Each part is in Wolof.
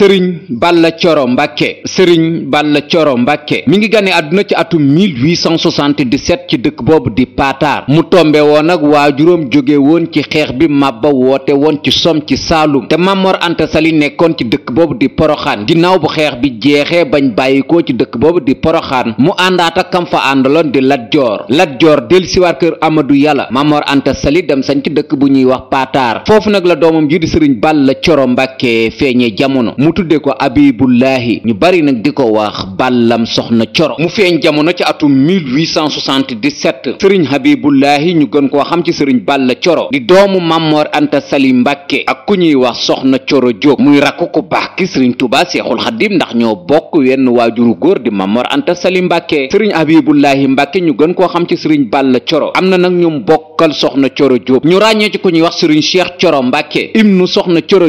sëriñ Balla Coro Mbàkke sëriñ Balla Coro Mbàkke mi ngi gane àdduna ci atum 1877 ci dëkk boobu di Pataar mu tombe woon ak waajuróom jóge woon ci xeex bi màbba woote woon ci som ci Saalum te Mamor Anta Sali nekkoon ci dëkk boobu di Poroxaan ginnaaw bu xeex bi jeexee bañ bàyyikoo ci dëkk boobu di Poroxaan mu àndaat ak kam fa àndaloon di Lat Joor Lat Joor del siwaat kër amadu Yàlla Mamor Anta Sali dem sañ ci dëkk bu ñuy wax paatar foofu nag la doomam ji di sëriñ la Coro Mbàkke feeñee jamono mu tuddee ko abibullahi ñu bari nag di ko wax bàllam soxna coro mu feeñ jamono ci atum 1877 sëriñ habibullahi ñu gën koo xam ci sëriñ bàlla coro di doomu mammoor anta sali mbàkke ak ku ñuy wax soxna coro jóob muy rakk ko baax ki sëriñ tubaa seexul xadim ndax ñoo bokk wenn waajuru góor di mammoor anta sali mbàkke sëriñ habibullahi mbàkke ñu gën koo xam ci sëriñ bàlla coro am na nag ñum bokkal soxna coro jóob ñu ràññee ci ku ñuy wax sëriñ cheikh coro mbàkke ibnu soxna coro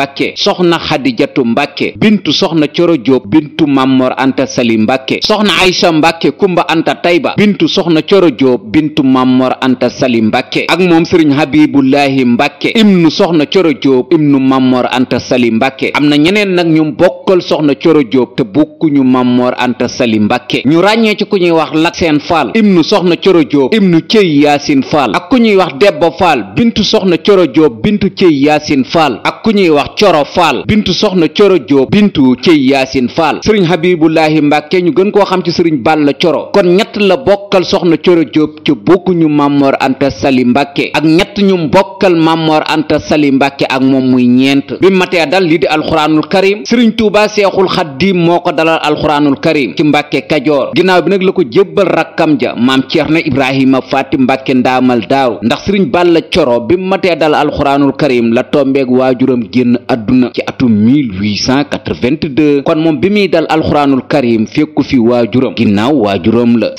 mbàkke soxna xadijatu mbàkke bintu soxna coro jóob bintu mamor anta sali mbàkke soxna aysa mbàkke kumba anta tayba bintu soxna coro jóob bintu mamor anta sali mbàkke ak moom sëriñ habibullahi mbàkke ibnu soxna coro jóob ibnu mamor anta sali mbàkke am na ñeneen nag ñu bokkal soxna coro jóob te bokkuñu mamor anta sali mbàkke ñu ràññee ci ku ñuy wax lak seen faal ibnu soxna coro jóob ibnu cëy yaasin faal ak ku ñuy wax debbo faal bintu soxna coro jóob bintu cëy yaasin faal ak ku ñuy wax wax coro faal bintu soxna coro jóob bintu cey yaasin faal sëriñ habibullahi mbàkke ñu gën koo xam ci sëriñ balla coro kon ñett ñett la bokkal soxna Coro Jóob ci bokkuñu Mamor Anta Sali Mbàkke ak ñett ñu bokkal Mamor Anta Sali Mbàkke ak moom muy ñeent bi matee dal lii di alxuraanul karim sëriñ Tuubaa Seexul Xaddiim moo ko dalal alxuraanul karim ci Mbàkke Kajoor ginnaaw bi nag la ko jébbal rakkam ja maam Ceerno Ibrahima Faati Mbàkke ndaamal daaw ndax sëriñ Balla Coro bi matee dal alxuraanul karim la tombeeg waajuram génn àdduna ci atum 1882 kon moom bi muy dal alxuraanul karim fekku fi waajuram ginnaaw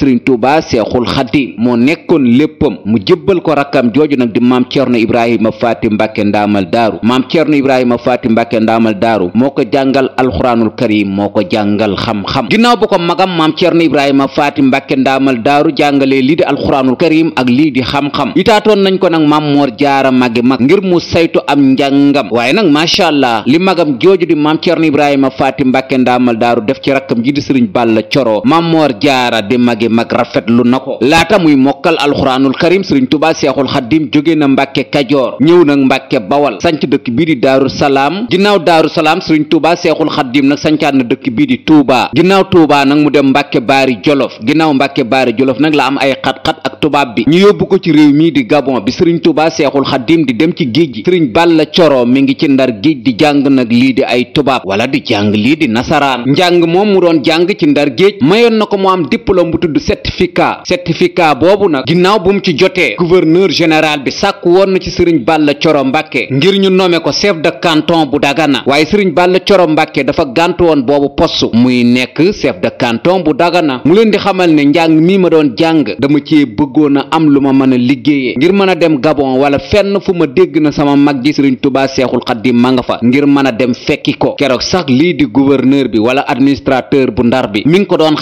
sëriñ tuuba seexul xaddim moo nekkoon léppam mu jëbbal ko rakkam jooju nag di maam ceerno ibrahima faati mbàkke ndaamal daaru maam ceerno ibrahima faati mbàkke ndaamal daaru moo ko jàngal alxuraanul karim moo ko jàngal xam-xam ginnaaw bu ko magam maam ceerno ibrahima faati mbàkke ndaamal daaru jàngalee lii di alxuraanul karim ak lii di xam-xam itaatoon nañ ko nag maam moor jaara magi mag ngir mu saytu am njàngam waaye nag macha allah li magam jooju di maam ceerno ibrahima faati mbàkke ndaamal daaru def ci rakkam ji di sëriñ bàlla coro maam jaara di magi mag rafetlu na ko laata muy mokkal alxuraanul karim sëriñ tubaa seexul xaddim jóge na mbàkke kajoor ñëw nag mbàkke bawal sanc dëkk bii di daaru salaam ginnaaw daaru salaam sëriñ tubaa seexul xaddim nag sancaat na dëkk bii di tuubaa ginnaaw tuubaa nag mu dem mbàkke baari jolof ginnaaw mbàkke baari jolof nag la am ay xat-xat ak tubaab bi ñu yóbbu ko ci réew mii di gabon bi sëriñ tubaa seexul xaddim di dem ci géej gi sëriñ bàlla coro mi ngi ci ndar géej di jàng nag lii di ay tubaab wala di jàng lii di jàng ci ndar géej certificat certificat boobu nag ginnaaw bu mu ci jotee gouverneur général bi sàkk woon na ci sëriñ Balla Coro Mbàkke ngir ñu nommé ko chef de canton bu Dagana waaye sëriñ Balla Coro Mbàkke dafa gàntu woon boobu postu muy nekk chef de canton bu Dagana mu leen di xamal ne njàng mii ma doon jàng dama ci bëggoon a am lu ma mën a liggéeyee ngir mën a dem Gabon wala fenn fu ma dégg na sama mag ji sëriñ Tubaa Seexul Xaddim ma nga fa ngir mën a dem fekki ko keroog sax lii di gouverneur bi wala administrateur bu Ndar bi mi ngi ko doon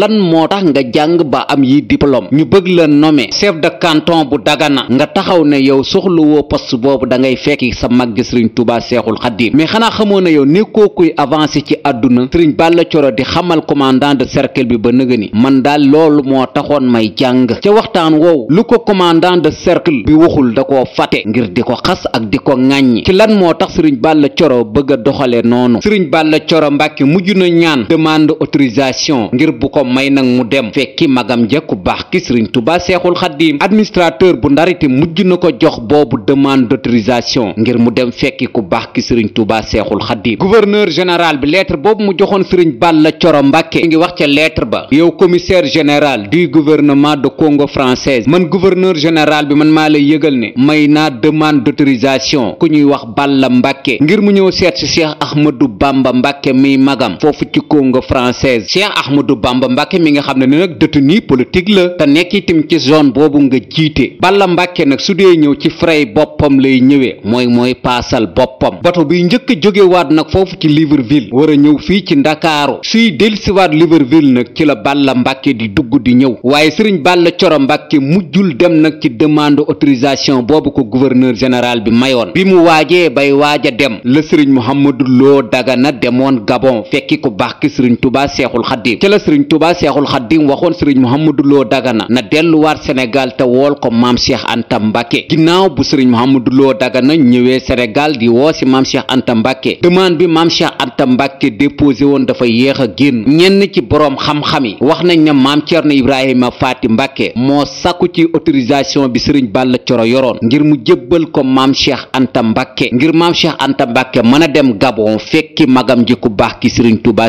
lan moo tax nga jàng ba am yi diplôme ñu bëgg la nome chef de canton bu Dagana nga taxaw ne yow soxlawoo poste boobu da ngay fekki sa mag gi sëriñ Tuubaa Seexul Xadiim mais xanaa xamoon ne yow ne koo kuy avancé ci àdduna sëriñ Balla Coro di xamal commandant de cercle bi ba nëga ni man daal loolu moo taxoon may jàng ca waxtaan woowu lu ko commandant de cercle bi waxul da ko fàtte ngir di ko xas ak di ko ŋàññi ci lan moo tax sëriñ Balla Coro bëgg a doxale noonu sëriñ Balla Coro Mbàkke mujj na ñaan demande autorisation ngir may nag mu dem fekki magam ja ku baax ki sëriñ Tuubaa Seexul Xaddiim administrateur bu Ndar mujj na ko jox boobu demande d'autorisation ngir mu dem fekki ku baax ki sëriñ Tuubaa Seexul Xaddiim gouverneur général bi lettre boobu mu joxoon sëriñ Balla Coro Mbàkke ngi wax ca lettre ba yow commissaire général du gouvernement de Congo française man gouverneur général bi man maa lay yëgal ne may naa demande d'autorisation ku ñuy wax Balla Mbàkke ngir mu ñëw seet si Cheikh Ahmadou Bamba Mbàkke miy magam foofu ci Congo française Cheikh Ahmadou Bamba Mbàkke mi nga xam ne nag détenu politique la te nekk itam ci zone boobu nga jiite Balla Mbàkke nag su dee ñëw ci frais boppam lay ñëwee mooy mooy paasal boppam bato bi njëkk a jógewaat nag foofu ci Libreville war a ñëw fii ci Ndakaaru suy dellusiwaat Libreville nag ci la Balla Mbàkke di dugg di ñëw waaye Sëriñ Balla Coro Mbàkke mujjul dem nag ci demande autorisation boobu ko gouverneur général bi mayoon bi mu waajee bay waaja dem la Sëriñ Mouhamadou Lo Dagana demoon Gabon fekki ko baax ki Sëriñ Tuubaa Seexul Tuubaa Seexul Xaddim waxoon sëriñ Muhammadu Lo Dagana na delluwaat Sénégal te wool ko maam Cheikh Anta Mbàkke ginnaaw bu sëriñ Muhammadu Lo Dagana ñëwee Sénégal di woo si maam Cheikh Anta Mbàkke demande bi maam Cheikh Anta Mbàkke déposé woon dafa yéex a génn ñenn ci boroom xam yi wax nañ ne maam Cerno Ibrahima Faati Mbàkke moo sàkku ci autorisation bi sëriñ Balla Coro yoroon ngir mu jébbal ko maam Cheikh antam Mbàkke ngir maam Cheikh Anta Mbàkke mën a dem Gabon fekki magam ji ku baax ki sëriñ Tuubaa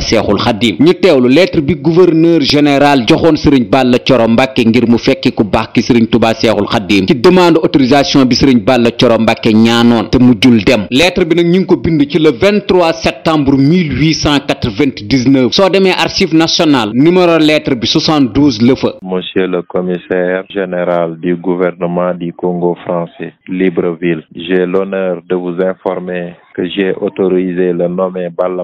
gouverneur général joxoon sëriñ Balla Coro Mbàkke ngir mu fekki ku baax ki sëriñ Tuubaa Seexul Xaddiim ci demande autorisation bi sëriñ Balla Coro Mbàkke ñaanoon te mujjul dem lettre bi nag ñu ngi ko bind ci le 23 septembre 1899 soo demee archive nationale numéro lettre bi 72 la fa monsieur le commissaire général du gouvernement du Congo français Libreville j'ai l'honneur de vous informer que j'ai autorisé le nommé Balla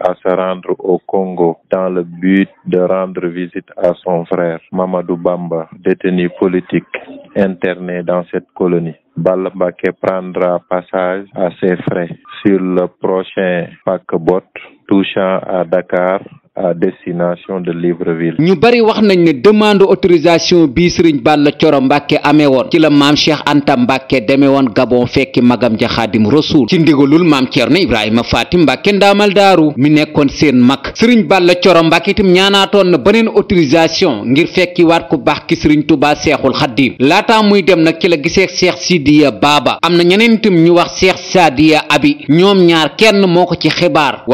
à se rendre au Congo dans le but de rendre visite à son frère Mamadou Bamba, détenu politique internet dans cette colonie. Balla Mbacké prendra passage à ses frais sur le prochain paquebot touchant à Dakar à ñu bari wax nañ ne demande autorisation bii Serigne Balla coro Mbacke amee woon ci la maam Cheikh Anta Mbacke demee woon Gabon fekki magam ja Xaadim Rasuul ci ndigalul maam Thierno Ibrahima Faati Mbacke ndaamal daaru mi nekkoon seen mag Serigne Balla coro Mbacke itam ñaanaatoon na beneen autorisation ngir fekki waat ku baax ki Serigne Touba Seexul Xaadim laataa muy dem nag ci la gisee Cheikh Sidiya baaba am na ñeneen itam ñu wax Cheikh Sadiya Abi ñoom ñaar kenn moo ci xibaar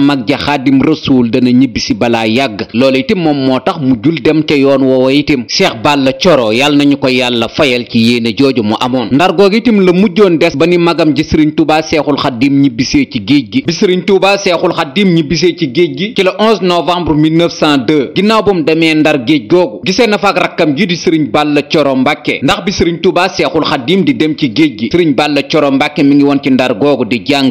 mag ja xaadim rasuul dana ñibbisi balaa yàgg loola itam moom moo tax mu jul dem ca yoon woowa itam seex la coro yàlla nañu ko yàlla fayal ci yéene jooju mu amoon ndar googu itam la mujjoon des ba ni magam ji sëriñ tubaa seexul xaddim ñibbisee ci géej gi bi sëriñ tubaa seexul xaddim ñibbisee ci géej gi ci le 11 novembre 1902 ginnaaw ba mu demee ndar géej googu gisee na fag rakkam ji di sëriñ bàlla coro mbàkke ndax bi sëriñ tubaa seexul xaddim di dem ci géej gi sëriñ bàlla coro mbàkke mi ngi woon ci ndar googu di jàng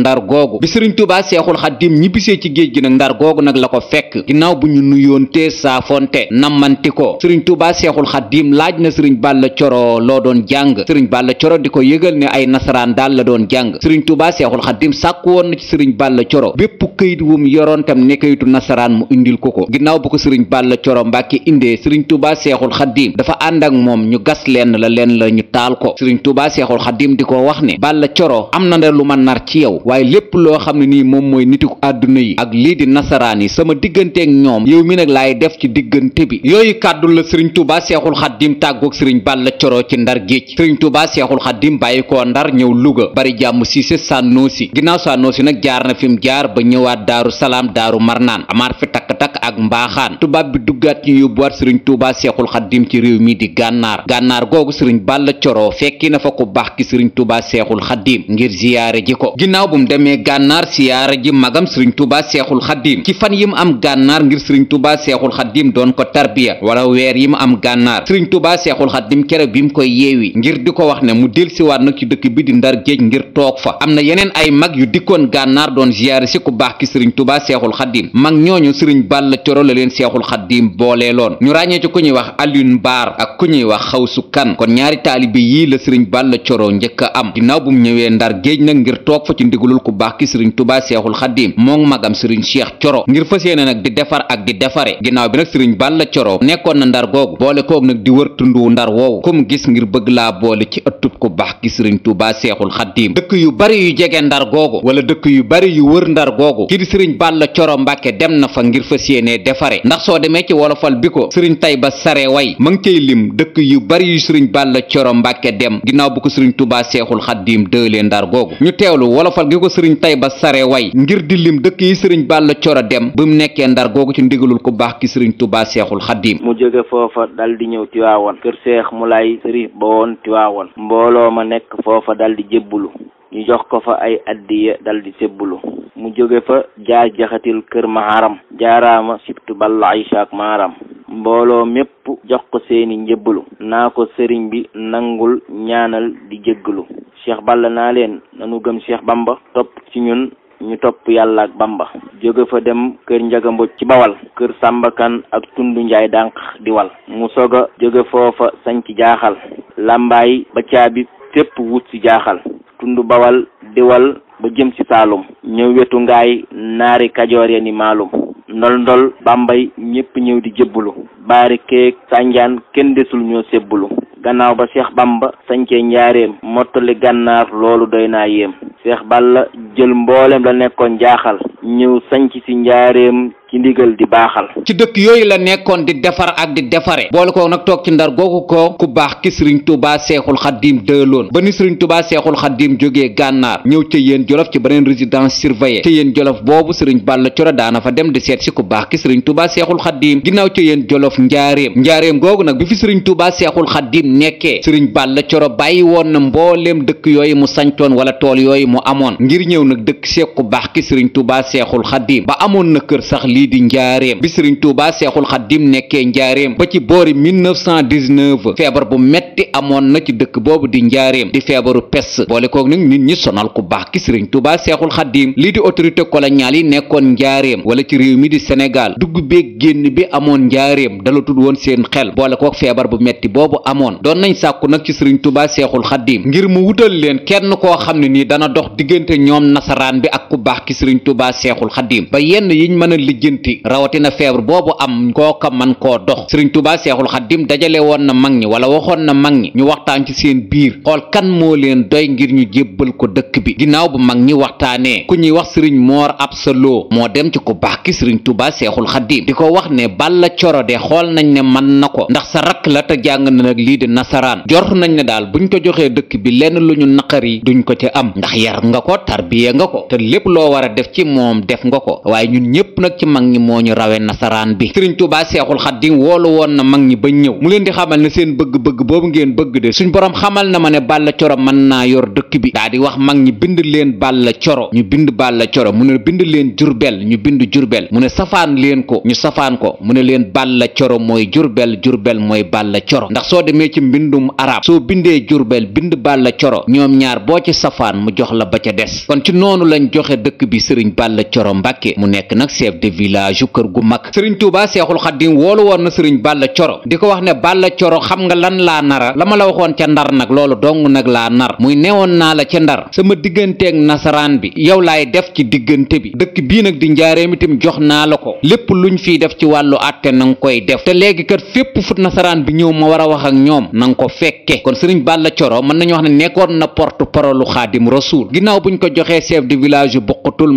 ndar googu bi sëriñ tubaa seexul xaddim ñibbisee ci géej gi nag ndar googu nag la ko fekk ginnaaw bu ñu nuyoontee saafonte nammanti ko sëriñ tubaa seexul xaddim laaj na sëriñ bàlla coro loo doon jàng sëriñ bàlla coro di ko yëgal ne ay nasaraan daal la doon jàng sëriñ tubaa seexul xaddim sàkk woon na ci sëriñ bàlla coro bépp këyit wum yoroon tam ne këyitu nasaraan mu indil ko ko ginnaaw bu ko sëriñ bàlla coro mbàkke indee sëriñ tubaa seexul xaddim dafa ànd ak moom ñu gas lenn la lenn la ñu taal ko sëriñ tubaa seexul xaddim di ko wax ne bàlla coro am na lu ma nar ci yow waaye lépp loo xam ne nii moom mooy nitiku àdduna yi ak lii di nasaraan yi sama digganteek ñoom yow mi nag laay def ci diggante bi yooyu kàddu la sëriñ Tuubaa Seexul Xaddim tàggoog sëriñ Balla Coro ci Ndar géej sëriñ Tuubaa Seexul Xaddim bàyyi ko Ndar ñëw Louga bari jàmm siise Sànnoosi ginnaaw Sànnoosi nag jaar na fi mu jaar ba ñëwaat Daaru Salaam Daaru Marnaan amaar fi takk-takk ak mbaaxaan tubaab bi duggaat ñu yóbbuwaat sëriñ Tuubaa Seexul Xaddim ci réew mi di gànnaar gànnaar googu sëriñ Balla Coro fekki na fa ko baax ki sëriñ Tuubaa Seexul Xaddim bum demee gànnaar siyaara ji magam sëriñ tuuba seexul xaddiim ci fan yi mu am gànnaar ngir sëriñ tuuba seexul xaddiim doon ko tarbiya wala weer yi mu am gànnaar sëriñ tuuba seexul xaddiim kere bi mu koy yeewi ngir di ko wax ne mu delsiwaat nag ci dëkk bi di ndar géej ngir toog fa am na yeneen ay mag yu dikkoon gànnaar doon ziyaare si ku baax ki sëriñ tuuba seexul xaddiim mag ñooñu sëriñ bàlla coro la leen seexul xaddiim booleeloon ñu ràññee ci ku ñuy wax Alioune Baar ak ku ñuy wax Xawsu Kan kon ñaari taalibe yii la a am ginnaaw bu mu ñëwee ndar géej nag ngir toog fa jébbulul ku baax ki sëriñ tubaa seexul xaddiim moom magam sëriñ cheikh coro ngir fas yéene nag di defar ak di defare ginnaaw bi nag sëriñ balla coro nekkoon na ndar googu boole koog nag di wër tundu ndar woowu kum gis ngir bëgg laa boole ci ëtt ëttub ku baax ki sëriñ Tuubaa Seexul Xaddiim dëkk yu bari yu jege ndar googu wala dëkk yu bari yu wër ndar googu kii di sëriñ Balla Coro Mbàkke dem na fa ngir fa yéenee defare ndax soo demee ci wolofal bi ko sëriñ ba Sare way ma ngi lim dëkk yu bari yu sëriñ Balla Coro Mbàkke dem ginnaaw bu ko sëriñ Tuubaa Seexul Xaddiim dëlee ndar googu ñu teewlu wolofal gi ko sëriñ ba Sare way ngir di lim dëkk yi sëriñ Balla Coro dem bi mu nekkee ndar googu ci ndigalul ku baax ki sëriñ Tuubaa Seexul Xaddiim di ñëw Tiwaawan kër Seex Mulaay Sëri ba mbooloo ma nekk foofa dal di jébbulu ñu jox ko fa ay addiya dal di sébbulu mu joge fa jaar jaxatil kër maharam jaaraama sibtu balla aysaak maaram mbooloo mépp jox ko seeni njëbbalu naa ko sëriñ bi nangul ñaanal di jéggalu cheikh balla naa leen nanu gëm cheikh bamba topp ci ñun ñu topp yàlla ak bamba jóge fa dem kër njaga mboj ci bawal kër sàmbakan ak tundu njaay dànq diwal wal mu soga jóge foofa sañ ci jaaxal làmbaay ba caabi tépp wut ci jaaxal tundu bawal diwal ba jëm ci saalum ñëw wetu ngaay naari kajoor ya ni maalum ndol-ndol bambay ñëpp ñëw di jébbalu baari keeg sànjaan kenn desul ñoo sébbulu gannaaw ba Cheikh Bamba sañcee njaareem mottali gànnaar loolu doy naa yéem Cheikh Balla jël mboolem la nekkoon jaaxal ñëw sañc ci njaareem ci ndigal di baaxal ci dëkk yooyu la nekkoon di defar ak di defare boole ko nag toog ci ndar googu ko ku baax ki sëriñ tubaa seexul xaddiim dëloon ba ni sëriñ tubaa seexul xaddiim jógee gànnaar ñëw ca yéen jolof ci beneen résidence surveillée ca yéen jolof boobu sëriñ Balla Coro daana fa dem di seet si ku baax ki sëriñ tubaa seexul xaddiim ginnaaw ca yéen jolof njaaréem njaaréem googu nag bi fi sëriñ tubaa seexul xaddiim nekkee sëriñ Balla Coro bàyyi woon na mbooleem dëkk yooyu mu sancoon wala tool yooyu mu amoon ngir ñëw nag dëkk seek baax ki sëriñ tubaa seexul lii di njaareem bi sëriñ tuuba seexul xaddim nekkee njaareem ba ci boori 1919 feebar bu metti amoon na ci dëkk boobu di njaareem di feebaru pes boole koog nag nit ñi sonal ku baax ki sëriñ tuuba seexul xaddim lii di autorité coloniale yi nekkoon njaareem wala ci réew mi di sénégal dugg beeg génn bi amoon njaareem dalatul woon seen xel boole koog feebar bu metti boobu amoon doon nañ sàkku nag ci sëriñ tuuba seexul xaddim ngir mu wutal leen kenn koo xam ne nii dana dox diggante ñoom nasaraan bi ak ku baax ki sëriñ tuuba seexul lijjanti rawatina feebar boobu am kooka man koo dox sëriñ tubaa seexul xaddim dajale woon na mag ñi wala waxoon na mag ñi ñu waxtaan ci seen biir xool kan moo leen doy ngir ñu jébbal ko dëkk bi ginnaaw bu mag ñi waxtaanee ku ñuy wax sëriñ moor sa loo moo dem ci ko baax ki sëriñ tubaa seexul xaddim di ko wax ne balla coro de xool nañ ne man na ko ndax sa rakk la te jàng na nag lii di nasaraan jor nañ ne daal buñ ko joxee dëkk bi lenn lu ñu naqari duñ ko ci am ndax yar nga ko nga ko loo war a def ci moom def mag ñi moo ñu rawe nasaraan bi sëriñ Tuubaa Seexul Xadiim woolu woon na mag ñi ba ñëw mu leen di xamal ne seen bëgg-bëgg boobu ngeen bëgg de suñ boroom xamal na ma ne Balla Coro mën naa yor dëkk bi daa di wax mag ñi bind leen Balla Coro ñu bind Balla Coro mu ne bind leen Jurbel ñu bind Jurbel mu ne safaan leen ko ñu safaan ko mu ne leen Balla Coro mooy Jurbel Jurbel mooy Balla Coro ndax soo demee ci mbindum arab soo bindee Jurbel bind la Coro ñoom ñaar boo ci safaan mu jox la ba ca des kon ci noonu lañ joxe dëkk bi sëriñ Balla Coro Mbàkke mu nekk nag chef de village kër gu mag sëriñ tuuba seexul xaddim woolu woon na sëriñ bàlla coro di ko wax ne bàlla coro xam nga lan laa nara la ma la waxoon ca ndar nag loolu dong nag laa nar muy newoon naa la ca ndar sama digganteeg nasaraan bi yow laay def ci diggante bi dëkk bii nag di njaareem itam jox naa la ko lépp lu ñu fiy def ci wàllu àtte nanga koy def te léegi kat fépp fut nasaraan bi ñëw ma war a wax ak ñoom nanga ko fekke kon sëriñ bàlla coro mën nañu wax ne nekkoon na porte parole xaadim rasul ginnaaw buñ ko joxee chef de village bu buqutul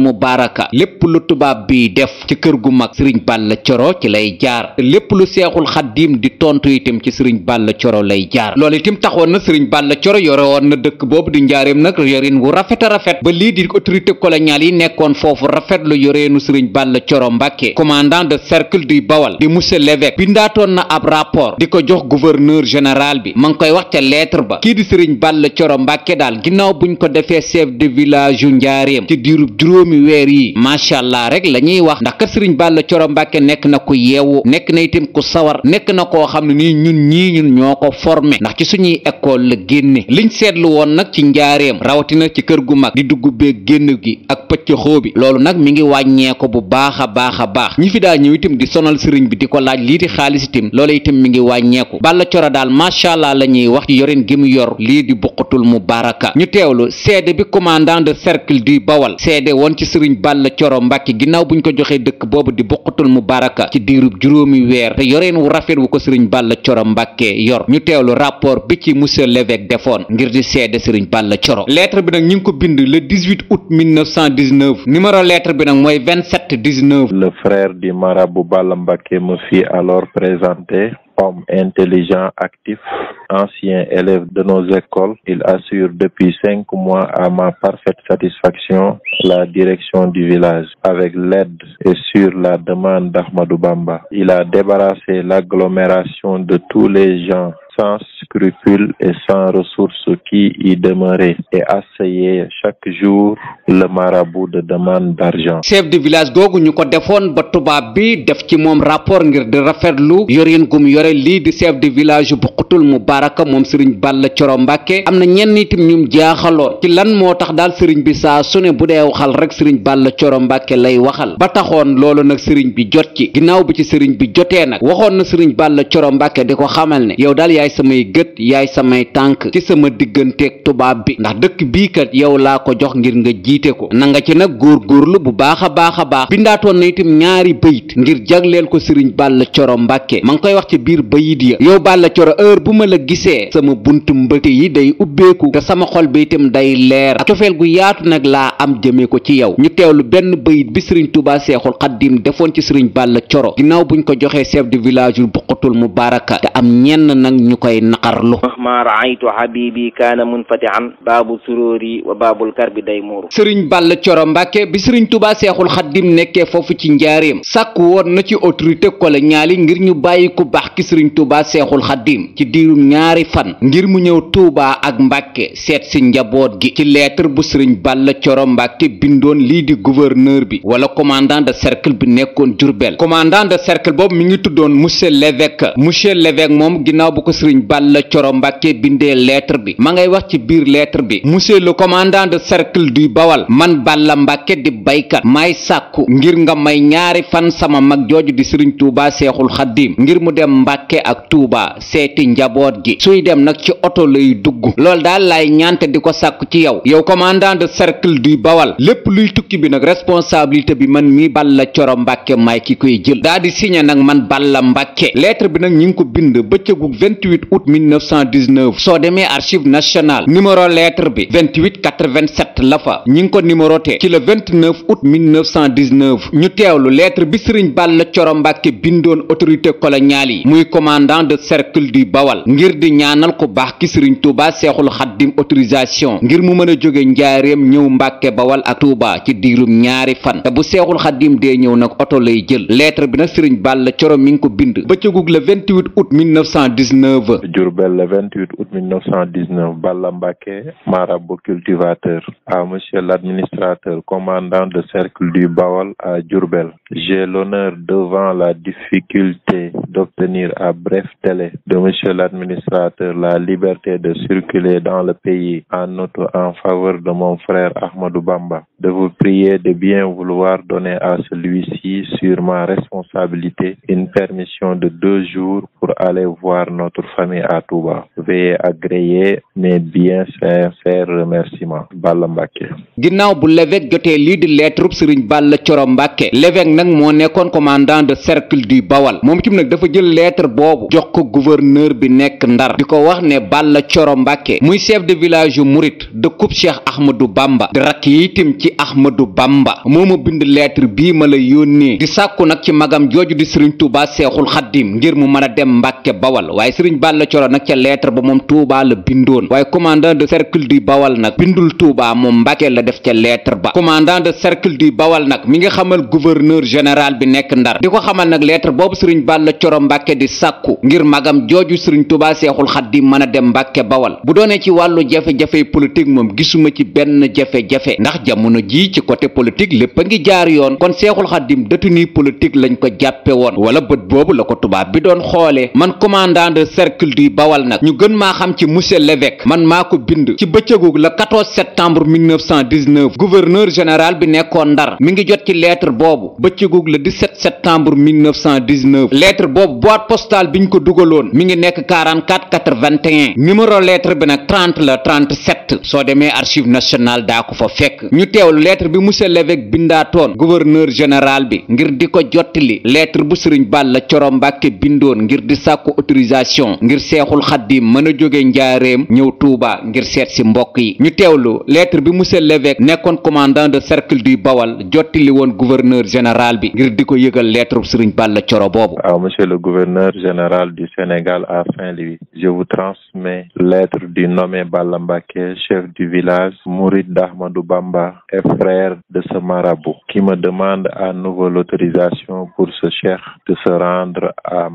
kër gu mag sëriñ Balla Coro ci lay jaar lépp lu seexul xaddiim di tontu itam ci sëriñ Balla Coro lay jaar loolu itam taxoon na sëriñ Balla Coro yore woon na dëkk boobu di njaareem nag yorin wu rafet a rafet ba lii di autorité coloniale yi nekkoon foofu rafet lu yoreenu sëriñ Balla Coro Mbàkke commandant de cercle du Bawal di monsieur l'évêque bindaatoon na ab rapport di ko jox gouverneur général bi ma koy wax ca lettre ba kii di sëriñ Balla Coro Mbàkke daal ginnaaw ko defee chef de village yu njaareem ci diirub juróomi yi macha sëriñ Balla Coro Mbàkke nekk na ku yeewu nekk na itam ku sawar nekk na koo xam ne nii ñun ñii ñun ñoo ko formé ndax ci suñuy école la génne liñ seetlu woon nag ci njaareem rawatina ci kër gu mag di dugg bee génn gi ak pëcc bi loolu nag mi ngi wàññeeku bu baax a baax a baax ñi fi daa ñëw itam di sonal sëriñ bi di ko laaj lii di xaalis itam loolu itam mi ngi wàññeeku Balla Coro daal macha allah la ñuy wax ci yorin gi mu yor lii di buqatul mu baraka ñu teewlu seede bi commandant de cercle du Bawal seede woon ci sëriñ Balla Coro Mbàkke ginnaaw buñ ko joxee dëkk boobu di buqatul mubaraka ci diirub juróomi weer te yoreen wu rafet wu ko sëriñ Balla Coro Mbàkke yor ñu teewlu rapport bi ci monsieur l'évêque defoon ngir di seede sëriñ Balla Coro lettre bi nag ñu ngi ko bind le 18 août 1919 numéro lettre bi nag mooy 27 19 le frère du marabout Balla Mbàkke me fit alors présenté homme intelligent, actif, ancien élève de nos écoles. Il assure depuis cinq mois à ma parfaite satisfaction la direction du village avec l'aide et sur la demande d'Ahmadou Bamba. Il a débarrassé l'agglomération de tous les gens sans scrupules et sans ressources qui y demeuraient et assayait chaque jour le marabout de demande d'argent. chef de village googu ñu ko defoon ba tubaab bi def ci moom rapport ngir di rafetlu yorin gum yore lii di chef de village bu xutul mu baraka moom sëriñ la Coro Mbàkke am na ñenn itam ñum jaaxaloo ci lan moo tax daal sëriñ bi saa su ne bu dee waxal rek sëriñ Balla Coro Mbàkke lay waxal ba taxoon loolu nag sëriñ bi jot ci ginnaaw bi ci sëriñ bi jotee nag waxoon na sëriñ Balla Coro Mbàkke di yaay samay gët yaay samay tànk ci sama digganteeg tubaab bi ndax dëkk bii kat yow laa ko jox ngir nga jiite ko nanga ci nag góor góorgóorlu bu baax a baax a baax bindaatoon na itam ñaari bayit ngir jagleel ko sëriñ Balla Coro Mbàkke ma ngi koy wax ci biir bayit ya yow Balla Coro heure bu ma la gisee sama buntu mbëgte yi day ubbeeku te sama xol bi itam day leer ak cofeel gu yaatu nag laa am jëmee ko ci yow ñu teewlu benn bayit bi sëriñ Tuubaa Seexul Xaddim defoon ci sëriñ Balla Coro ginnaaw buñ ko joxee chef ñu koy naqarlu mahma raaytu habibi kaana munfatihan baabu sururi wa baabul karbi day muuru sëriñ Balla Coro Mbàkke bi sëriñ Seexul Xaddim nekkee foofu ci njaareem sàkk woon na ci autorité kole yi ngir ñu bàyyi ku baax ki sëriñ Tuubaa Seexul Xaddim ci diirum ñaari fan ngir mu ñëw Tuubaa ak Mbàkke seet si njaboot gi ci lettre bu sëriñ Balla Coro Mbàkke bindoon lii di gouverneur bi wala commandant de cercle bi nekkoon Jurbel commandant de cercle boobu mi ngi tuddoon monsieur l'évêque monsieur l'évêque moom ginnaaw bu ko sëriñ Balla Coro Mbàkke bindee lettre bi ma ngay wax ci biir lettre bi monsieur le commandant de cercle du Bawal man Balla Mbàkke di baykat maay sàkku ngir nga may ñaari fan sama mag jooju di sëriñ Touba Seexul Xaddiim ngir mu dem Mbàkke ak tuuba seeti njaboot gi suy dem nag ci oto lay dugg loolu daal laay ñaante di ko sàkk ci yow yow commandant de cercle du Bawal lépp luy tukki bi nag responsabilité bi man mi Balla Coro Mbàkke maay ki koy jël daa di ñi ngi ko bind bëccëgu 28 28 août 1919 soo demee archive nationale numéro lettre bi 28 87 la fa ñi ngi ko numéroté ci le 29 août 1919 ñu teewlu lettre bi Serigne Balla Thioro Mbacke bindoon autorité coloniale yi muy commandant de cercle du Bawal ngir di ñaanal ko baax ki Serigne Touba Seexul Xaddim autorisation ngir mu mën a jóge njaareem ñëw Mbacke Bawal ak Touba ci diirum ñaari fan te bu Seexul Xaddim dee ñëw nag oto lay jël lettre bi na Serigne Balla Thioro mi ngi ko bind bëccëgug le 28 neveu. Diourbel le 28 août 1919 Balla Mbacké marabout cultivateur à monsieur l'administrateur commandant de cercle du Baol à Diourbel j'ai l'honneur devant la difficulté d'obtenir à bref délai de monsieur la liberté de circuler dans le pays en auto en faveur de mon frère Ahmadou Bamba de vous prier de famille à Touba. Veuillez agréer mes bien sincères remerciements. Balla Mbacke. ginnaaw bu l'évêque jotee lii di lettre Serigne Balla Coro Mbacke l'évêque nag moo nekkoon commandant de cercle du Bawal moom itam nag dafa jël lettre boobu jox ko gouverneur bi nekk Ndar di ko wax ne Balla Coro Mbacke muy chef de village yu Murit dëkkub Cheikh Ahmadou Bamba di rakk yi itam ci Ahmadou Bamba moom ma bind lettre bii ma la yónnee di sàkku nag ci magam jooju di Serigne Touba Seexul ngir mu mën a dem Mbacke Bawal sëriñ Balla Coro nag ca lettre ba moom Touba la bindoon waaye commandant de cercle du Bawal nag bindul Touba moom Mbàkke la def ca lettre ba commandant de cercle du Bawal nag mi nga xamal gouverneur général bi nekk Ndar di ko xamal nag lettre boobu sëriñ Balla Coro Mbàkke di sàkku ngir magam jooju sëriñ Touba Seexul Xadiim mën a dem Mbàkke Bawal bu doonee ci wàllu jafe-jafe politique moom gisuma ci benn jafe-jafe ndax jamono jii ci côté politique lépp a ngi jaar yoon kon Seexul Xadiim détenu politique lañ ko jàppe woon wala bët boobu la ko tubaab cercle du Bawal ñu gën maa xam ci monsieur l'évêque man maa ko bind ci bëccëgu le 14 septembre 1919 gouverneur général bi nekkoon ndar mi ngi jot ci lettre boobu bëccëgu le 17 septembre 1919 lettre boobu boîte postale bi ñu ko dugaloon mi ngi nekk 44 81 numéro lettre bi nag 30 la 37 soo demee archive nationale daa ko fa fekk ñu teewlu lettre bi monsieur l'évêque bindaatoon gouverneur général bi ngir di ko jottali lettre bu sëriñ la Coro Mbàkke bindoon ngir di sàkku autorisation gabon ngir seexul xaddim mën a jóge njaareem ñëw tuuba ngir seet si mbokk yi ñu teew lu lettre bi monsieur l'évêque nekkoon commandant de cercle du bawal jottili woon gouverneur général bi ngir di ko yëgal lettre bu sëriñ Balla Coro boobu ah monsieur le gouverneur général du Sénégal à Saint-Louis je vous transmets lettre du nommé Balla Mbacké chef du village mouride d'Ahmadou Bamba et frère de ce marabout qui me demande à nouveau l'autorisation pour ce cheikh de se rendre à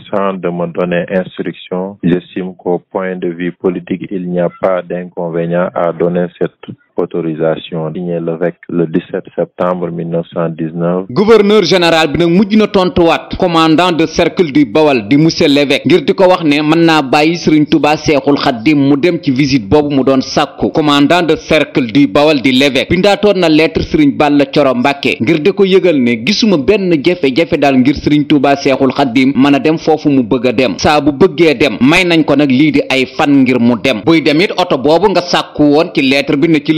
permettant de me donner instruction, j'estime qu'au point de vue politique, il n'y a pas d'inconvénient à donner cette autorisation signé l'évêque le 17 septembre 1919. gouverneur général bi nag mujj na tontuwaat commandant de cercle du Bawal di monsieur l'évêque ngir di ko wax ne mën naa bàyyi Serigne Touba Seexul Xaddim mu dem ci visite boobu mu doon sàkku commandant de cercle du Bawal di l'évêque bindaatoon na lettre Serigne Balla Coro Mbàkke ngir di ko yëgal ne gisuma benn jafe-jafe daal ngir Serigne Touba Seexul Xaddim mën a dem foofu mu bëgg a dem saa bu bëggee dem may nañ ko nag lii di ay fan ngir mu dem buy dem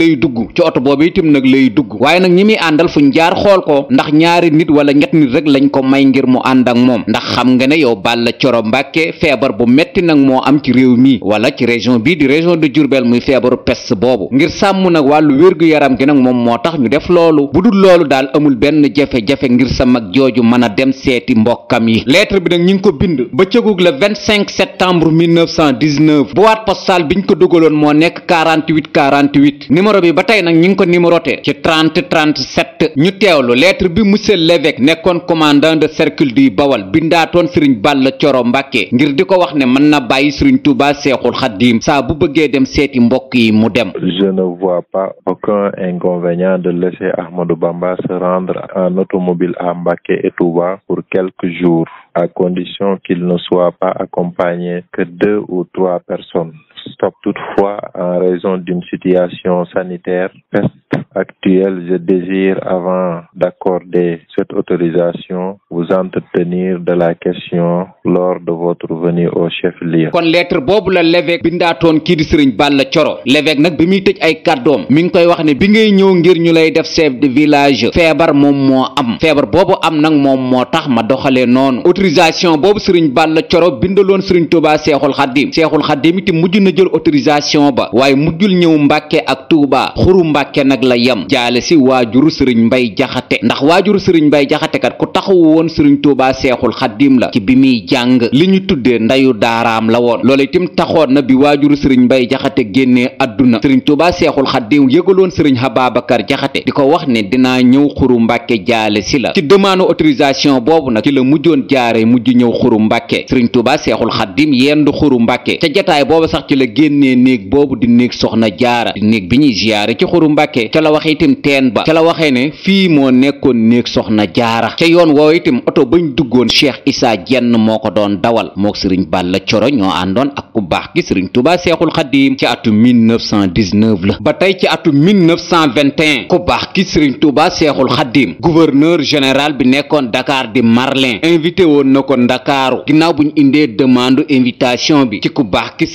lay dugg ci oto boobu itam nag lay dugg waaye nag ñi muy àndal fuñ jaar xool ko ndax ñaari nit wala ñet nit rek lañ ko may ngir mu ànd ak moom ndax xam nga ne yow Balla Coro Mbàkke feebar bu metti nag moo am ci réew mi wala ci région bii di région de Diourbel muy feebaru pest boobu ngir sàmm nag wàllu wér-gu-yaram gi nag moom moo tax ñu def loolu bu dul loolu daal amul benn jafe-jafe ngir sa mag jooju mën a dem seeti mbokkam yi lettre bi nag ñu ngi ko bind bëccëgu le 25 septembre 1919 boîte postale biñ ko dugaloon moo nekk 48 48 numéro numéro bi ba tey nag ñi ngi ko numéroté ci 30 37 ñu teewlu lettre bi monsieur l'évêque nekkoon commandant de cercle du Bawal bindaatoon sëriñ Balla Coro Mbàkke ngir di ko wax ne mën na bàyyi sëriñ Tuuba Seexul Xaddiim saa bu bëggee dem seeti mbokk yi mu dem je ne vois pas aucun inconvénient de laisser Ahmadou Bamba se rendre en automobile à Mbacké et Touba pour quelques jours à condition qu'il ne soit pas accompagné que deux ou trois personnes stoppe toutefois en raison d'une situation sanitaire actuelle, je désire, avant d'accorder cette autorisation, vous entretenir de la question lors de votre venue au chef-lieu. kon lettre boobu la l'évêque bindaatoon kii di Serigne Balla coro l'évêque nag bi muy tëj ay kàddoom mi ngi koy wax ne bi ngay ñëw ngir ñu lay def chef de village feebar moom moo am feebar boobu am nag moom moo tax ma doxalee noonu autorisation boobu Serigne Balla Thioro bindaloon Serigne Touba Seexul Xaddim Seexul Xaddim mujj na jël autorisation ba waaye mujjul ñëw mbàkke ak tuuba xuru mbàkke nag la yem jaale si waajuru sëriñ mbay jaxate ndax waajuru sëriñ mbay jaxate kat ku taxaw woon sëriñ tuuba seexul xaddim la ci bi muy jàng li ñu tuddee ndayu daaraam la woon loolu itam taxoon na bi waajuru sëriñ mbay jaxate génnee adduna sëriñ tuuba seexul xaddim yëgaloon sëriñ hababakar jaxate di ko wax ne dinaa ñëw xuru mbàkke jaale si la ci demande autorisation boobu nag ci la mujjoon jaare mujj ñëw xuru mbàkke sëriñ tuuba seexul la génnee néeg boobu di néeg soxna jaara di néeg bi ñuy ziyaare ci xuru mbàkke ca la waxee itam teen ba ca la waxee ne fii moo nekkoon néeg soxna jaara ca yoon woow itam oto bañ duggoon cheikh isaa jenn moo ko doon dawal mook sëriñ bàlla coro ñoo àndoon ak ku baax gi tubaa seexul xadiim ci atu 1919 la ba tey ci atu 1921 ku baax gi sëriñ tubaa seexul xadiim gouverneur général bi nekkoon dakar di marlin invité woon na ko ndakaaru ginnaaw buñ indee demande invitation bi ci ku baax gi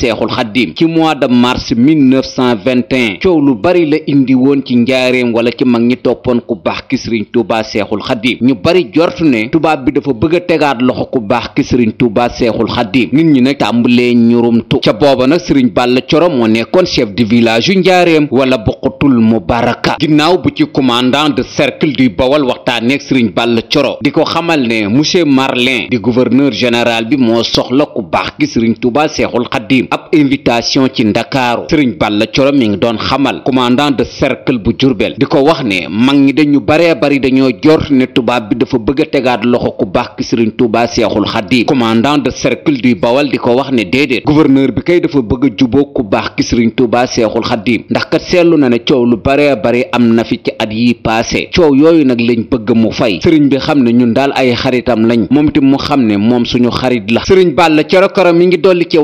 seexul xaddim ci mois de mars 1921 coow lu bari la indi woon ci njaareem wala ci mag ñi toppoon ku baax ki sëriñ tuuba seexul xaddim ñu bari jortu ne tubaab bi dafa bëgg a tegaat loxo ku baax ki sëriñ tuuba seexul xaddim nit ñi nag tàmbalee ñurum tu ca booba nag sëriñ Balla Coro moo nekkoon chef de village yu njaareem wala mu mubaraka ginnaaw bu ci commandant de cercle du bawal waxtaanee ak sëriñ Balla Coro di ko xamal ne monsieur Marlin di gouverneur général bi moo soxla ku baax ki sëriñ tuuba seexul xaddim ab invitation ci ndakaaru sëriñ la Coro mi ngi doon xamal commandant de cercle bu jurbeel di ko wax ne mag ñi dañu baree bari dañoo jort ne tubaab bi dafa bëgg a tegaat loxo ku baax ki sëriñ Tuubaa Seexul Xadiim commandant de cercle du Bawal di ko wax ne déedéet gouverneur bi kay dafa bëgg a juboo ku baax ki sëriñ Tuubaa Seexul Xadiim ndax kat seetlu na ne coow lu baree bari am na fi ci at yi passé coow yooyu nag lañ bëgg mu fay sëriñ bi xam ne ñun daal ay xaritam lañ moom itam mu xam ne moom suñu xarit la sëriñ Balla Coro Koro mi ngi dolli ci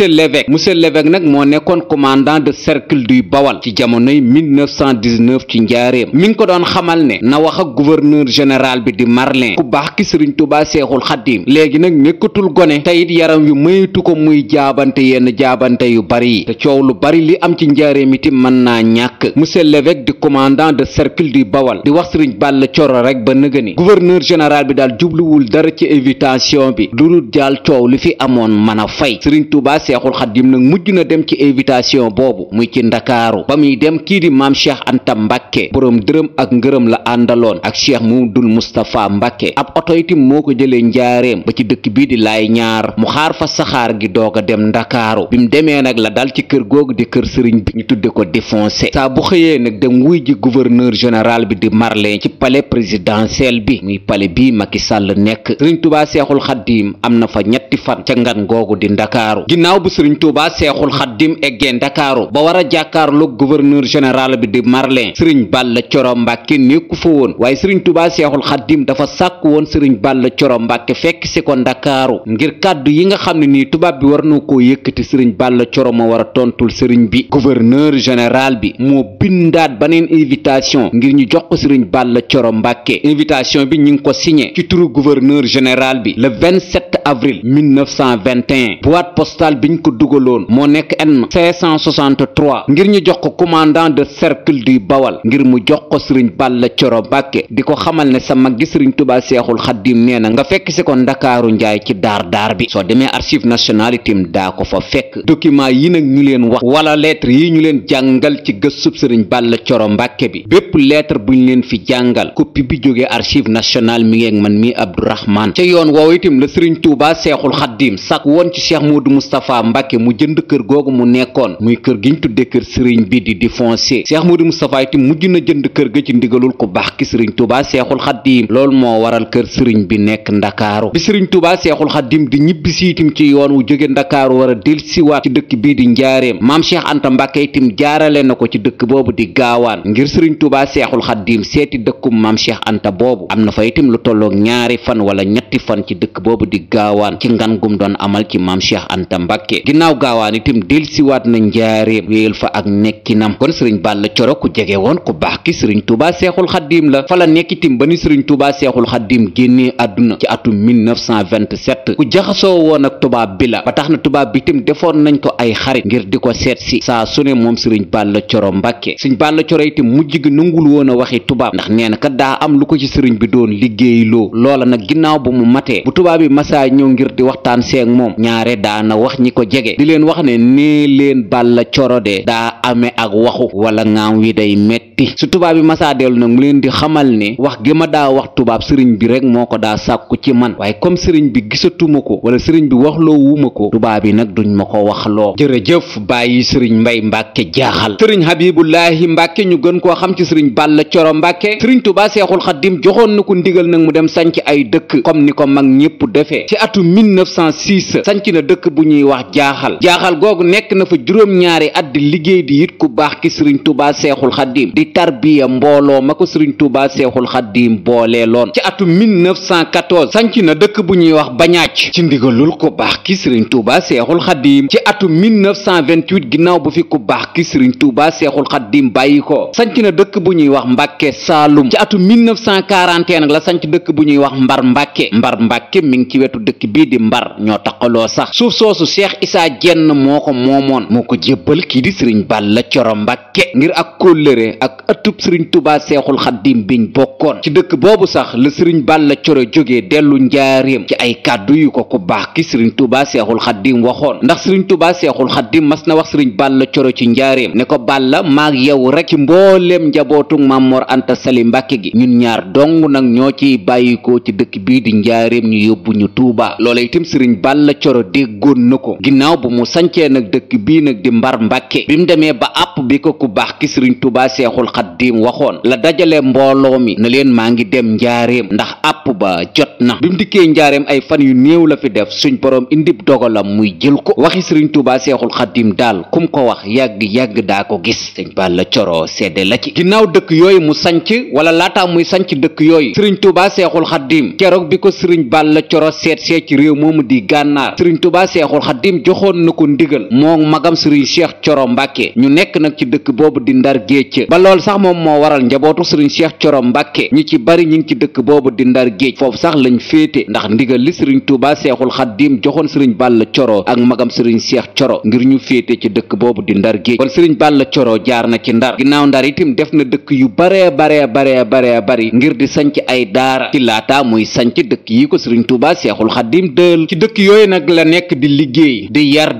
monsieur Lévesque monsieur nag moo nekkoon commandant de cercle du Bawal ci jamonoy 1919 ci njaareem mi ngi ko doon xamal ne na wax ak gouverneur général bi di Marlin ku baax ki Sëriñ Tuubaa Seexul Xadiim léegi nag nekkatul gone teyit yaram yu maytu ko muy jaabante yenn jaabante yu bari yi te coow lu bari li am ci njaareem itam mën naa ñàkk monsieur Lévesque di commandant de cercle du Bawal di wax Sëriñ Balla Coro rek ba nëgëni gouverneur général bi daal jubluwul dara ci invitation bi lu jaal coow li fi amoon mën a fay seexul xaddim nag mujj na dem ci invitation boobu muy ci ndakaaru ba muy dem kii di maam cheikh antam mbàkke boroom dërëm ak ngërëm la àndaloon ak cheikh mudul mustapha mbàkke ab oto itam moo ko jëlee njaareem ba ci dëkk bii di laay ñaar mu xaar fa saxaar gi doog a dem ndakaaru bi mu demee nag la dal ci kër googu di kër sëriñ bi ñu tudde ko défoncé saa bu xëyee nag dem wuy ji gouverneur général bi di Marley ci palais présidentiel bi muy pale bii Macky Sall nekk sëriñ tubaa seexul am na fa ñetti fan ca googu di ndakaaru ginnaaw bu sëriñ Touba seexul xaddim eggee ndakaaru ba war a jàkkaarloog gouverneur général bi di Marlin sëriñ Balla Coro Mbàkke nekku fa woon waaye sëriñ Touba seexul xaddim dafa sàkk woon sëriñ Balla Coro Mbàkke fekk si ko ndakaaru ngir kàddu yi nga xam ne nii tubaab bi war na koo yëkkati sëriñ Balla Coro moo war a tontul sëriñ bi gouverneur général bi moo bindaat baneen invitation ngir ñu jox ko sëriñ Balla Coro Mbàkke invitation bi ñu ngi ko signé ci turu gouverneur général bi le 27 avril 1921 boîte postale bi biñ ko dugaloon moo nekk N 563 ngir ñu jox ko commandant de cercle du Bawal ngir mu jox ko sëriñ Balla Coro Mbàkke di ko xamal ne sa mag gi sëriñ Tuubaa Seexul Xaddim nee na nga fekk si ko Ndakaaru Njaay ci daar daar bi soo demee archive nationale itam daa ko fa fekk document yi nag ñu leen wax wala lettre yi ñu leen jàngal ci gëstub sëriñ Balla Coro Mbàkke bi bépp lettre buñ leen fi jàngal copie bi jógee archive nationale mi ngeeg man mi Abdourahman ca yoon woow itam la sëriñ Tuubaa Seexul Xaddim sàkk woon waa Mbàkke mu jënd kër googu mu nekkoon muy kër ñu tuddee kër sëriñ bi di di foncier Cheikh Modou Moustapha itam mujj na jënd kër ga ci ndigalul ku baax ki sëriñ Touba Seexul Xaddiim loolu moo waral kër sëriñ bi nekk Ndakaaru sëriñ Touba Seexul Xaddiim di ñibbi si itam ci yoon wu jóge Ndakaaru war a delsiwaat ci dëkk bii di Njaareem maam Cheikh Anta Mbàkke itam jaarale na ko ci dëkk boobu di gaawaan ngir sëriñ Touba Seexul Xaddiim seeti dëkkum maam Cheikh Anta boobu am na fa itam lu tolloog ñaari fan wala ñetti fan ci dëkk boobu di Mbàkke ginnaaw gaawaan itam delsiwaat na njaareem wéyal fa ak nekkinam kon sëriñ Balla Coro ku jege woon ku baax ki sëriñ Tuubaa Seexul Xaddiim la fa la nekkitim ba ni sëriñ Tuubaa Seexul Xaddiim génnee àdduna ci atum ñett ku jaxasoo woon ak tubaab bi la ba tax na tubaab bi tam defoon nañ ko ay xarit ngir di ko seet si saa su ne moom sëriñ Balla Coro Mbàkke sëriñ Balla Coro itam mujj gi nangul woon a waxi tubaab ndax nee na daa am lu ko ci sëriñ bi doon liggéey loo loola nag ginnaaw bu mu matee bu tubaab yi masaa ñëw ngir di waxtaan seeg moom ñaare daana wax ñi ko jege di leen wax ne nee leen Balla Coro de daa amee ak waxu wala ngaam wi day metti su tubaab yi masaa dellu nag mu leen di xamal ne wax gi ma daa wax tubaab sëriñ bi rek moo ko daa sàkku ci man sëttuma ko wala sëriñ bi waxloo wuma ko tubaab yi nag duñ ma ko waxloo jërëjëf bàyyi sëriñ mbay mbàkke jaaxal sëriñ habibullahi mbàkke ñu gën koo xam ci sëriñ balla coro mbàkke sëriñ tubaa seexul xaddim joxoon na ko ndigal nag mu dem sanc ay dëkk comme ni ko mag ñépp defee ci atu 1906 sanc na dëkk bu ñuy wax jaaxal jaaxal googu nekk na fa juróom-ñaari at liggéey di it ku baax ki sëriñ tubaa seexul xaddim di tarbiya mbooloo ma ko sëriñ tubaa seexul xaddim boolee loon ci ñàcc ci ndigalul ku baax ki sëriñ tuuba seexul xaddiim ci atum 1928 ginnaaw bu fi ku baax ki sëriñ tuuba seexul xaddiim bàyyi ko sanc na dëkk bu ñuy wax mbàkke saalum ci atum 1941 nag la sanc dëkk bu ñuy wax mbar mbàkke mbar mbàkke mi ngi ci wetu dëkk bii di mbar ñoo taqaloo sax suuf soosu seex isaa jenn moo ko moomoon moo ko jébbal kii di sëriñ la coro mbàkke ngir ak kóllëre ak ëttub sëriñ tuuba seexul xaddiim biñ bokkoon ci dëkk boobu sax la sëriñ balla kàddu yu ko ku baax ki sëriñ tuuba seexul xaddim waxoon ndax sëriñ tuuba seexul xaddim mas na wax sëriñ bàlla coro ci njaareem ne ko bàlla maag yow rek ci mbooleem njabootug mamor anta sali mbàkke gi ñun ñaar dong nag ñoo ciy bàyyikoo ci dëkk bii di njaareem ñu yóbbu ñu tuuba loola itam sëriñ bàlla coro déggoon na ko ginnaaw bu mu sancee nag dëkk bii nag di mbar mbàkke bi mu demee ba xàpp bi ko ku baax ki sëriñ tubaa seexul xaddiim waxoon la dajale mbooloo mi na leen maa ngi dem njaareem ndax àpp ba jot na bi dikkee njaareem ay fan yu néew la fi def suñ boroom indib dogalam muy jël ko waxi sëriñ tubaa seexul xaddiim daal kum ko wax yàgg-yàgg daa ko gis sëñ Balla Coro seede la ci ginnaaw dëkk yooyu mu sanc wala laataa muy sanc dëkk yooyu sëriñ tubaa seexul xaddiim keroog bi ko sëriñ Balla Coro seet seet ci réew moomu di gànnaar sëriñ tubaa seexul xaddiim joxoon na ko ndigal moo magam sëriñ Cheikh Coro Mbàkke ñu nekk nag ci dëkk boobu di ndar géej ba lool sax moom moo waral njabootu sëriñ Cheikh Coro Mbàkke ñi ci bari ñi ngi ci dëkk boobu di ndar géej foofu sax lañ féete ndax ndigal li sëriñ Tuubaa Seexul Xaddiim joxoon sëriñ Balla Coro ak magam sëriñ seex Coro ngir ñu féete ci dëkk boobu di ndar géej kon sëriñ Balla Coro jaar na ci ndar ginnaaw ndar itam def na dëkk yu bare bare bare bare bari ngir di sanc ay daara ci laata muy sanc dëkk yi ko sëriñ Tuubaa Seexul Xaddiim dël ci nag la nekk di liggéey di yar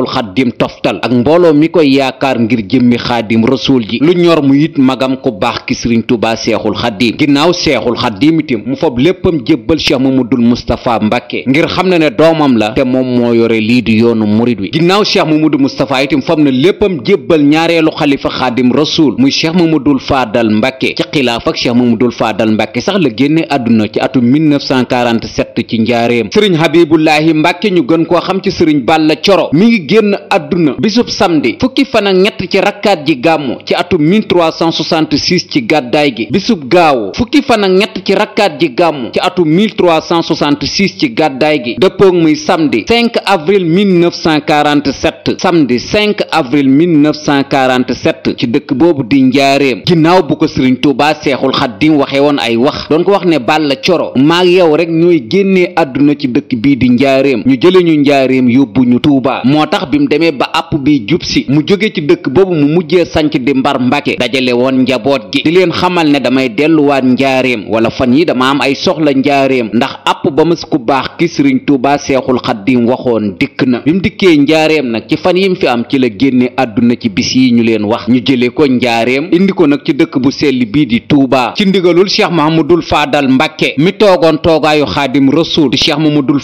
seexul xaddim toftal ak mbooloo mi koy yaakaar ngir jëmmi xaadim rasuul ji lu ñor mu it magam ku baax ki sëriñ tubaa seexul xaddim ginnaaw seexul xaddim itam mu fab léppam jébbal cheikh mamadul moustapha mbàkke ngir xam na ne doomam la te moom moo yore lii di yoonu murid wi ginnaaw cheikh mamadou moustapha itam fab na léppam jébbal ñaareelu xalifa xaadim rasuul muy mu mamadul faadal mbàkke ci xilaaf ak cheikh mamadul faadal mbàkke sax la génne àdduna ci atum 1947 ci njaareem sëriñ habibullahi mbàkke ñu gën koo xam ci sëriñ balla coro mi ngi ngi génn àdduna bisub samedi fukki fan ak ñett ci rakkaat ji gàmmu ci atum 1366 ci gàddaay gi bisub gaawu fukki fan ak ñett ci rakkaat ji gàmmu ci atum 1366 ci gàddaay gi dëppoog muy samedi 5 avril 1947 samedi 5 avril 1947 ci dëkk boobu di njaareem ginnaaw bu ko sëriñ Tuubaa seexul xaddim waxe woon ay wax doon ko wax ne Balla Coro maag yow rek ñooy génnee àdduna ci dëkk bii di njaareem ñu jële ñu njaareem yóbbu ñu Tuubaa tax bi mu demee ba àpp bi jub si mu jóge ci dëkk boobu mu mujjee sanc di mbar mbàkke dajale woon njaboot gi di leen xamal ne damay delluwaat njaareem wala fan yi dama am ay soxla njaareem ndax àpp ba mas ku baax ki sëriñ tuubaa seexul xaddim waxoon dikk na bi mu dikkee njaareem nag ci fan yim fi am ci la génne àdduna ci bis yi ñu leen wax ñu jële ko njaareem indi ko nag ci dëkk bu sell bii di tuubaa ci ndigalul cheikh mu faadal mbàkke mi toogoon toogaayu xaadim rasul di cheikh mahamadul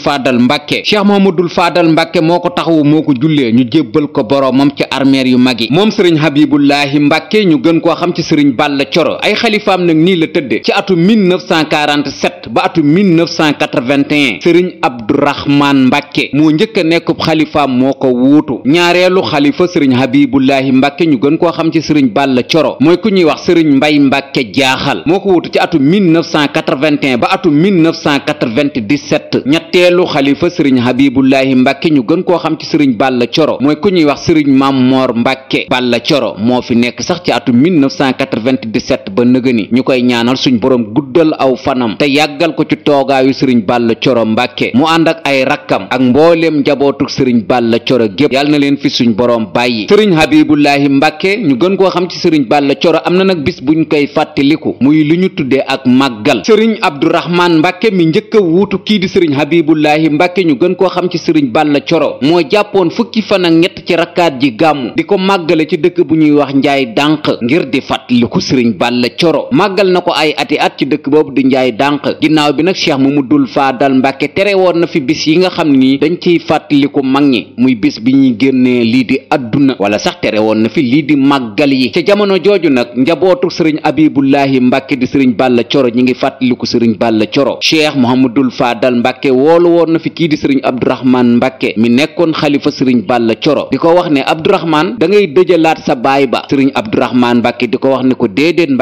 faadal mbàkke jullee ñu jébbal ko boroomam ci armeer yu mag yi moom sëriñ habibullahi mbàkke ñu gën koo xam ci sëriñ balla coro ay xalifaam nag nii la tëdde ci atu 1947 1957 ba atum 1981 sëriñ abdourahmaan mbàkke moo njëkk a nekkub xalifaam moo ko wuutu ñaareelu xalifa sëriñ habibullahi mbàkke ñu gën koo xam ci sëriñ balla coro mooy ku ñuy wax sëriñ mbay mbàkke jaaxal moo ko wuutu ci atum 1981 ba atum 1997 ñetteelu xalifa sëriñ habibullahi mbàkke ñu gën koo xam ci sëriñ balla coro mooy ku ñuy wax sëriñ mammoor mbàkke balla coro moo fi nekk sax ci atum 1997 ba nëgëni ñu koy ñaanal suñ borom guddal aw fanam te yàgg yàggal ko ci toogaayu sëriñ Balla Coro Mbàkke mu ànd ak ay rakkam ak mbooleem njabootuk sëriñ Balla Coro gépp yàlla na leen fi suñ boroom bàyyi sëriñ Habibullahi Mbàkke ñu gën koo xam ci sëriñ Balla Coro am na nag bis buñ koy fàttaliku muy lu ñu tuddee ak màggal sëriñ Abdourahman Mbàkke mi njëkk wuutu kii di sëriñ Habibullahi Mbàkke ñu gën koo xam ci sëriñ Balla Coro moo jàppoon fukki fan ak ñett ci rakkaat ji gàmmu di ko màggale ci dëkk bu ñuy wax njaay dànq ngir di fàttaliku sëriñ Balla Coro màggal na ko ay ati at ci dëkk boobu di njaay dànq ginnaaw bi nag cheikh mamadul faadal mbàkke tere woon na fi bis yi nga xam ni dañ ciy fàttaliku mag ñi muy bis bi ñuy génnee lii di àdduna wala sax tere woon na fi lii di màggal yi ca jamono jooju nag njabootu sëriñ abibullahi mbàkke di sëriñ balla coro ñi ngi fàttaliku sëriñ bàlla coro cheikh mohamadul faadal mbàkke woolu woon na fi kii di sëriñ abdourahman mbàkke mi nekkoon xalifa sëriñ bàlla coro di ko wax ne abdourahman da ngay dëjalaat sa baay ba sëriñ abdourahman mbàkke ko wax ne ko déedéet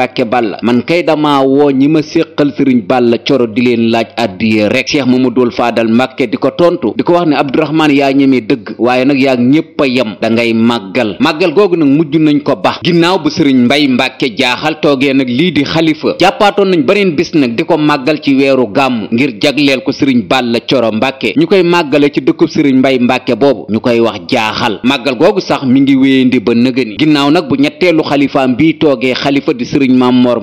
soro di leen laaj àddiyee rek cheikh mamadoul faadal màkke di ko tontu di ko wax ne abdourahmaan yaa ñemee dëgg waaye nag yaa ñépp a yem da ngay màggal màggal googu nag mujj nañ ko bax ginnaaw ba sëriñ mbay mbàkke jaaxal toogee nag lii di xalifa jàppaatoon nañ beneen bis nag di ko màggal ci weeru gàmm ngir jagleel ko sëriñ balla coro mbàkke ñu koy màggale ci dëkkub sëriñ mbay mbàkke boobu ñu koy wax jaaxal màggal googu sax mi ngi wéyandi ba nëgëni ginnaaw nag bu ñetteelu xalifaam bii toogee xalifa di sëriñ mammoor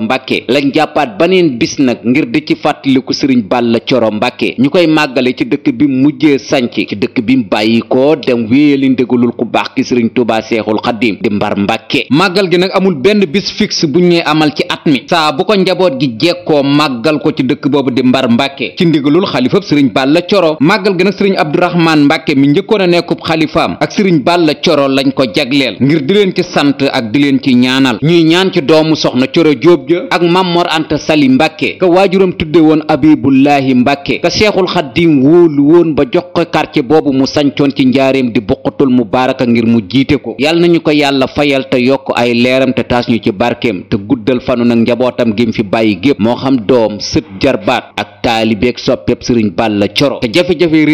fàttaliku sëriñ Balla Coro Mbàkke ñu koy màggale ci dëkk bi mujjee sanc ci dëkk bi mu bàyyi ko dem wéyali ndégalul ku baax ki sëriñ Tuubaa Seexul Xaddim di Mbar Mbàkke màggal gi nag amul benn bis fixe bu ñuy amal ci at mi saa bu ko njaboot gi jekkoo màggal ko ci dëkk boobu di Mbar Mbàkke ci ndigalul xalifab sëriñ Balla Coro màggal gi nag sëriñ Abdourahman Mbàkke mi njëkkoon a nekkub xalifaam ak sëriñ Balla Coro lañ ko jagleel ngir di leen ci sant ak di leen ci ñaanal ñuy ñaan ci doomu soxna Coro Jóob ak Mamor Anta Sali Mbàkke woon abibullahi mbàkke ka seexul xaddim woolu woon ba jox ko quartier boobu mu sancoon ci njaaréem di buqatul mubaaraka ngir mu jiite ko yàlla nañu ko yàlla fayal te yokk ay leeram te taas ñu ci barkeem te guddal fanu nag njabootam gim fi bàyyi gépp moo xam doom sët jarbaat ak taalibeeg soppeeb sëriñ Balla Coro te jafe-jafe